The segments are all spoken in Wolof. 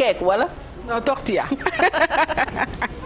cake wala. non tortilla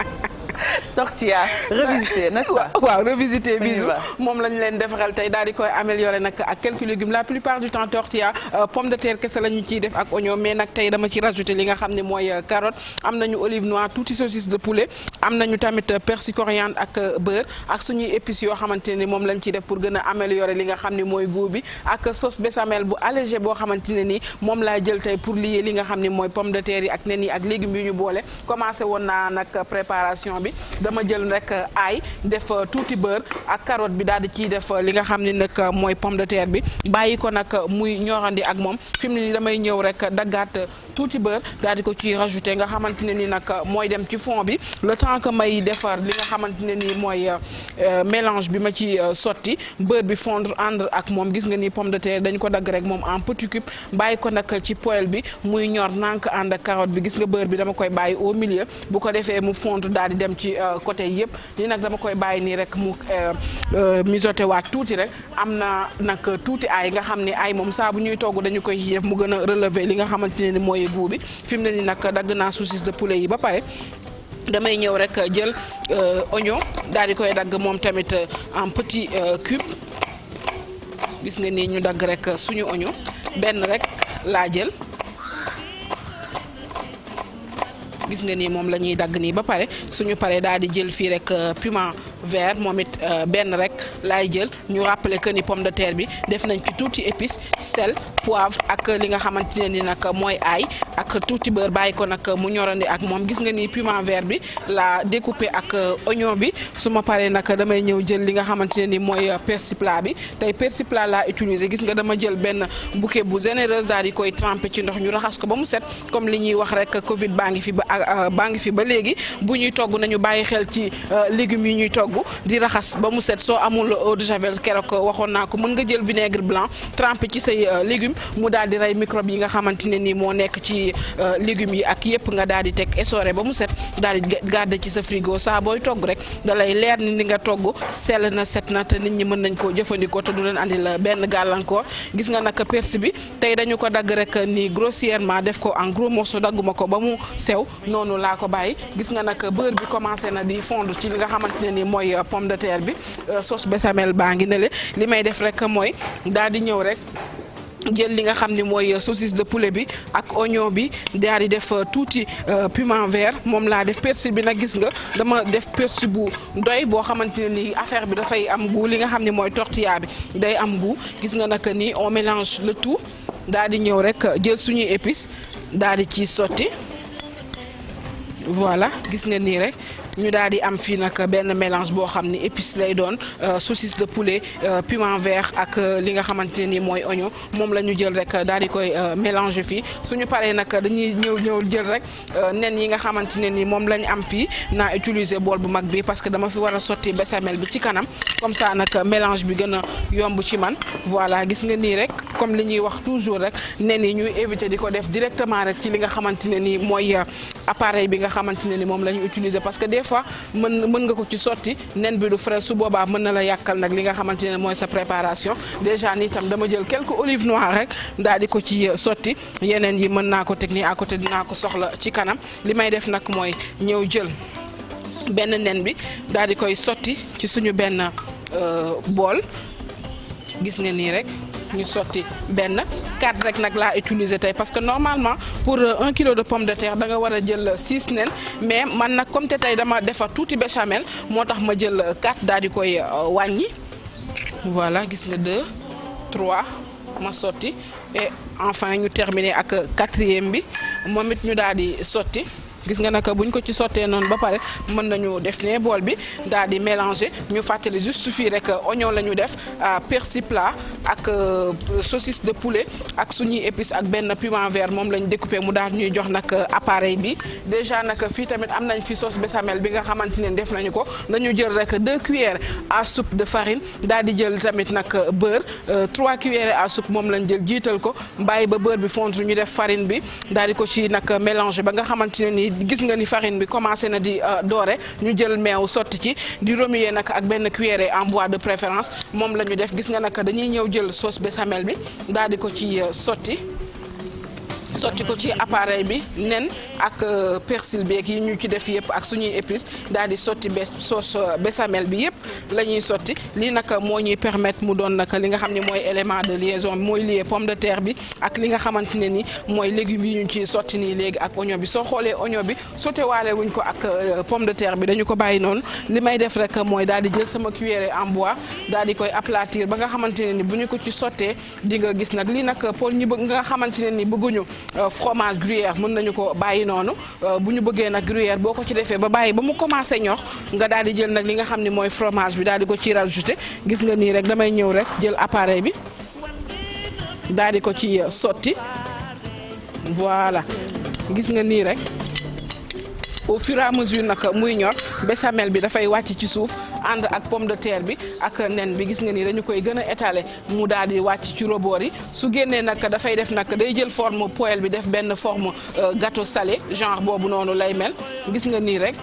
Tortilla revisité n'est-ce pas waaw revisité bisou moom lañ leen defaral tey daal di koy amélioré nag ak quelques légumes la plupart du temps tortilla euh, pomme de terre kese la ñu ciy def ak oignon mais nag tey dama ci rajouté li nga xam ne mooy euh, carotte am nañu olive noire tuuti saucisse de poulet am nañu tamit euh, persil coriandre ak beurre ak suñuy épices yoo xamante ne moom lañ ciy def pour gën a amélioré li nga xam ni mooy goût bi ak sauce béchamel bu allégé boo xamante ne ni moom laa jël tey pour lier li nga xam ne mooy pomme de terre yi ak nen yi ak légumes yu ñu boole commencé woon naa nag préparation bi dama jël rek euh, aay def euh, tuuti beurre ak carotte bi daal di ciy def euh, li nga xam ne nag mooy pomme de terre bi bàyyi ko nag muy ñorandi ak moom fi mu ne nii damay ñëw rek daggaat. tuuti beurre daal di ko ci rajouté nga xamante ne ni nag mooy dem ci fond bi le temps que may defar li nga xamante ne ni mooy euh, mélange bi ma ci euh, sotti beurre bi fondre ànd ak moom gis nga ni pomme de terre dañ ko dagg rek moom en petit cube bàyyi ko nag ci poêle bi muy ñor nànk ànd ak carotte bi gis nga beurre bi dama koy bàyyi au milieu bu ko defee mu fondre daal di dem ci euh, côté yëpp lii nag dama koy bàyyi nii rek mu mijoté waat tuuti rek am na nag tuuti aay nga xam ne aay moom saa bu ñuy togg dañu koy def mu gën a relever li nga xamante ne ni mooy poulet buubi fi mu ne nii nag dagg naa saucisse de poulet yi ba pare. damay ñëw rek jël euh, oignon daal di koy dagg moom tamit euh, en petit euh, cube gis nga nii ñu dagg rek suñu oño benn rek laa jël gis nga nii moom la ñuy dagg nii ba pare suñu paree daal di jël fii rek piment vert moom it benn rek laay jël ñu rappeler que ni pomme de terre bi def nañ ci tuuti épice sel poivre ak li nga xamante ne ni nag mooy aay ak tuuti beurre bàyyi ko nag mu ñorandi ak moom gis nga ni piment vert bi la découpé ak oignon bi su ma paree nag damay ñëw jël li nga xamante ne ni mooy persil plat bi tey persil plat laa utilisé gis nga dama jël benn bouquet bu généreuse daal di koy trempé ci ndox ñu raxas ko ba mu set comme li ñuy wax rek Covid baa ngi fi ba ah, ah, baa ngi fi ba léegi bu ñuy togg nañu bàyyi xel ci euh, légumes yi ñuy togg di raxas ba mu set soo amul eau de waxoon naa ko mën nga jël vinaigre blanc mu daal di rey microbe yi nga xamante ne nii moo nekk ci euh, légumes yi ak yëpp nga daal di teg essoré ba mu set daal di garder ci sa frigo saa booy togg rek da lay leer ni nga togg sell na set na te nit ñi mën nañ koo jëfandikoo te du leen andi la euh, benn gàllankoor gis nga naka persil bi tey dañu ko dagg rek nii grossièrement def ko en gros morceau dagguma ko ba mu sew noonu laa ko bàyyi gis nga nag beurre bi commencé na di fond ci li nga xamante ne nii mooy euh, pomme de terre bi sauce béchamel baa ngi ne le li may def rek mooy daal di ñëw rek jël li nga xam ni mooy saucisse de poulet bi ak oignon bi daal di def euh, tuuti euh, piment vert moom laa def persil bi nag gis nga dama def persil bu doy boo xamante ne ni affaire bi dafay am goût li nga xam ni mooy tortilla bi day am goût gis nga nag ni on mélange le tout daal di ñëw rek euh, jël suñuy épices daal di ciy sotti voilà gis nga nii rek. ñu daal di am fii nag benn mélange boo xam ni épice lay doon euh, saucisse de poulet euh, piment vert ak euh, li nga xamante ne nii mooy oño moom la ñu jël rek daal di koy mélanger fii suñu paree nag dañuy ñëw ñëw jël rek nen yi nga xamante ne nii moom la ñu am fii na utiliser bool bu mag bi parce que dama fi war a sotti béchamel bi ci kanam comme ça nag mélange bi gën yomb ci man voilà gis nga nii rek comme li ñuy wax toujours rek nen yi ñuy éviter di ko def directement rek ci li nga xamante ne nii mooy appareil bi nga xamante ne ni moom la ñu utiliser parce que fois mën mën nga ko ci sotti nen bi du frais su boobaa mën na la yàkkal nag li nga xamante ne mooy sa préparation déjà ni itam dama jël quelques olives noires rek daal di ko ci euh, sotti yeneen yi mën naa ko teg nii à côté dinaa ko soxla ci kanam li may def nag mooy ñëw jël benn nen bi daal di koy sotti ci suñu benn euh, bool gis nga nii rek. ñu sotti benn quatre rek nag laa utiliser tey parce que normalement pour euh, un kilo de pomme de terre da nga war a jël euh, six nen mais man nag comme tey dama defar tuuti béchamel moo tax ma jël euh, quatre daal di koy wàññi voilà gis nga deux trois ma sotti et enfin ñu terminer ak quatrième bi moom it ñu daal di sotti. gis nga naka buñ ko ci sottee noonu ba pare mën nañu def ne bool bi daal di mélanger ñu fàttali juste fii rek oignon la ñu def persil plat ak euh, saucisse de poulet ak suñuy épices ak benn piment vert moom lañ découpé mu daal ñuy jox nag appareil bi déjà nag fii tamit am nañ fi sauce béchamel bi nga xamante ne def nañu ko nañu jël rek deux cuillères à soupe de farine daal di jël tamit nag beurre euh, trois cuillères à soupe moom lañ jël jiital ko mbay ba beurre bi fondre ñu farine bi gis nga ni farine bi commencé na di euh, doore ñu jël meew sotti ci di remuer nag ak benn cuillerée en bois de préférence moom la ñu def gis nga nag dañuy ñëw jël sauce béchamel bi daal di ko ci euh, sotti sotti ko ci appareil bi nen ak euh, persil beeg yi ñu ci def yëpp ak suñuy épices daal di sotti bes sauce euh, béchamel bi yëpp la ñuy sotti lii nag moo ñuy permettre mu doon nag li nga xam ne mooy élément de liaison mooy lié pomme de terre bi ak li nga xamante ne ni mooy légumes yi ñu ci sotti nii léegi ak oignon bi soo xoolee oignon bi sauté waale wuñ ko ak euh, pomme de terre bi dañu ko bàyyi noonu li may def rek mooy daal di jël sama cuillère en bois daal di koy aplatir ba nga xamante ne ni bu ñu ko ci sottee di nga gis nag lii nag pour ñi bëgg nga xamante ne ni bëgguñu Euh, fromage gruyère mën nañu ko bàyyi noonu euh, bu ñu bëggee nag gruyère boo ko ci defee ba bàyyi ba mu commencé ñor nga daal di jël nag li nga xam ne mooy fromage bi daldi di ko ci rajouté gis nga nii rek damay ñëw rek jël appareil bi daal di ko ci euh, sotti voilà gis nga nii rek au fur et à nag muy ñor béchamel bi dafay wàcc ci suuf. ànd ak pomme de terre bi ak nen bi gis nga nii dañu koy gën a étaler mu daal di wàcc ci roboor yi su génnee nag dafay def nag day jël forme poêle bi def benn forme euh, gato salé genre boobu noonu lay mel gis nga nii rek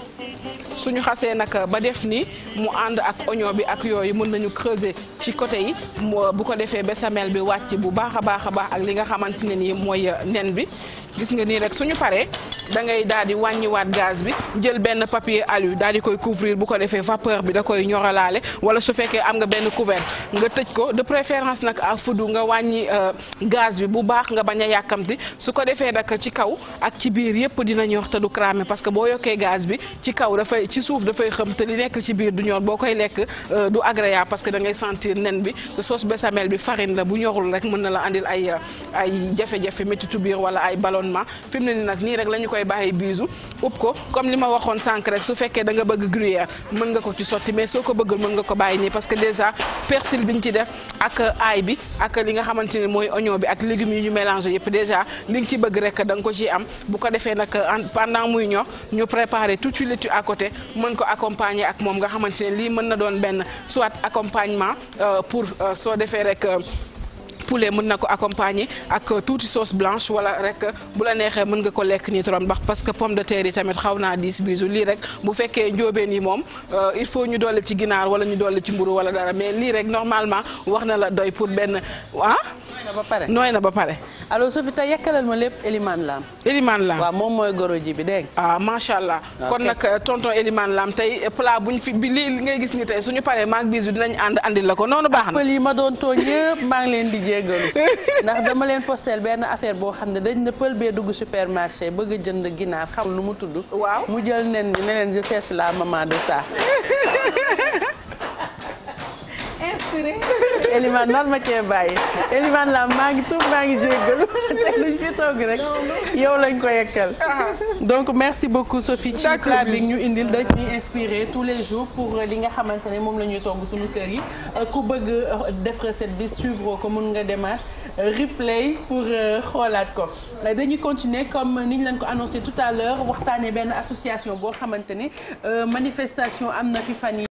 suñu xasee nag ba def nii mu ànd ak oignon bi ak yooyu mën nañu creuser ci côté yi euh, bu ko defee béchamel bi wàcc bu baax a baax a baax ak li nga xamante ne nii mooy euh, nen bi gis nga nii rek suñu paree da ngay daal di wàññiwaat gaz bi jël benn papier alu daal di koy couvrir bu ko defee vapeur bi da koy ñoralaale wala su fekkee am nga benn couvert nga tëj ko de préférence nag à fudu nga wàññi euh, gaz bi bu baax nga bañ a yàkkamti su ko defee nag ci kaw ak ci biir yëpp dina ñor te du cramer parce que boo yokkee gaz bi ci kaw dafay ci suuf dafay xëm te li nekk ci biir du ñor boo koy lekk euh, du agréable parce que da ngay sentir nen bi te sauce béchamel bi farine la bu ñorul rek mën na la andil ay euh, ay jafe-jafe biir wala ay ballonnement koy bàyyi biisu ub ko comme li ma waxoon sànq rek su fekkee da nga bëgg gruyère mën nga ko ci sotti mais soo ko bëggul mën nga ko bàyyi nii parce que déjà persil bi ñu ci def ak ay bi ak li nga xamante ne mooy oignon bi ak légumes yi ñu mélangé yëpp déjà li nga ci bëgg rek danga ko ciy am bu ko defee nag pendant muy ñor ñu préparer tout ci laitue à côté mën ko accompagner ak moom nga xamante ne lii mën na doon benn soit accompagnement euh, pour euh, soo defee rek euh, poulet mën na ko accompagner ak tuuti sauce blanche wala rek bu la neexee mën nga ko lekk nii trop bax parce que pomme de terre yi tamit xaw naa diis bisu lii rek bu fekkee njóobeen yi moom euh, il faut ñu doole ci ginaar wala ñu doole ci mburu wala dara mais lii rek normalement wax na la doy pour benn ah nooy na ba pare nooy na ba pare. alors Sophie tey yekkalal ma lépp Elimane Lam. Elimane Lam waaw moom mooy goro ji bi dégg ah macha allah kon nag eh, tonton Elimane Lam tey eh, plat buñ fi bi lii ngay gis ni tey suñu paree maag bis bi dinañ ànd andil la ko noonu baax na. yi ma doon maa ngi leen di jéggalu ndax dama leen postel benn affaire boo xam ne dañ na pël bee dugg supermarché bëgg a jënd ginaar xam lu mu tudd. waaw mu jël nen bi ne leen je cherche la maman de ça. assuré. Elimane nar ma cee bàyyi Elimane la maa ngi tuub maa ngi jéggalu te luñ fi toog rek yow lañ ko yekkal donc merci beaucoup Sophie ci plat bi ñu indil dañ ñuy inspiré tous les jours pour li nga xamante ne moom la ñuy togg suñu kër yi ku bëgg euh, def recette bi suivre ko mun nga démarrer replay pour euh, xoolaat ko dañuy continuer comme ni ñu leen ko annoncé tout à l'heure waxtaanee benn association boo xamante ne euh, manifestation am na fi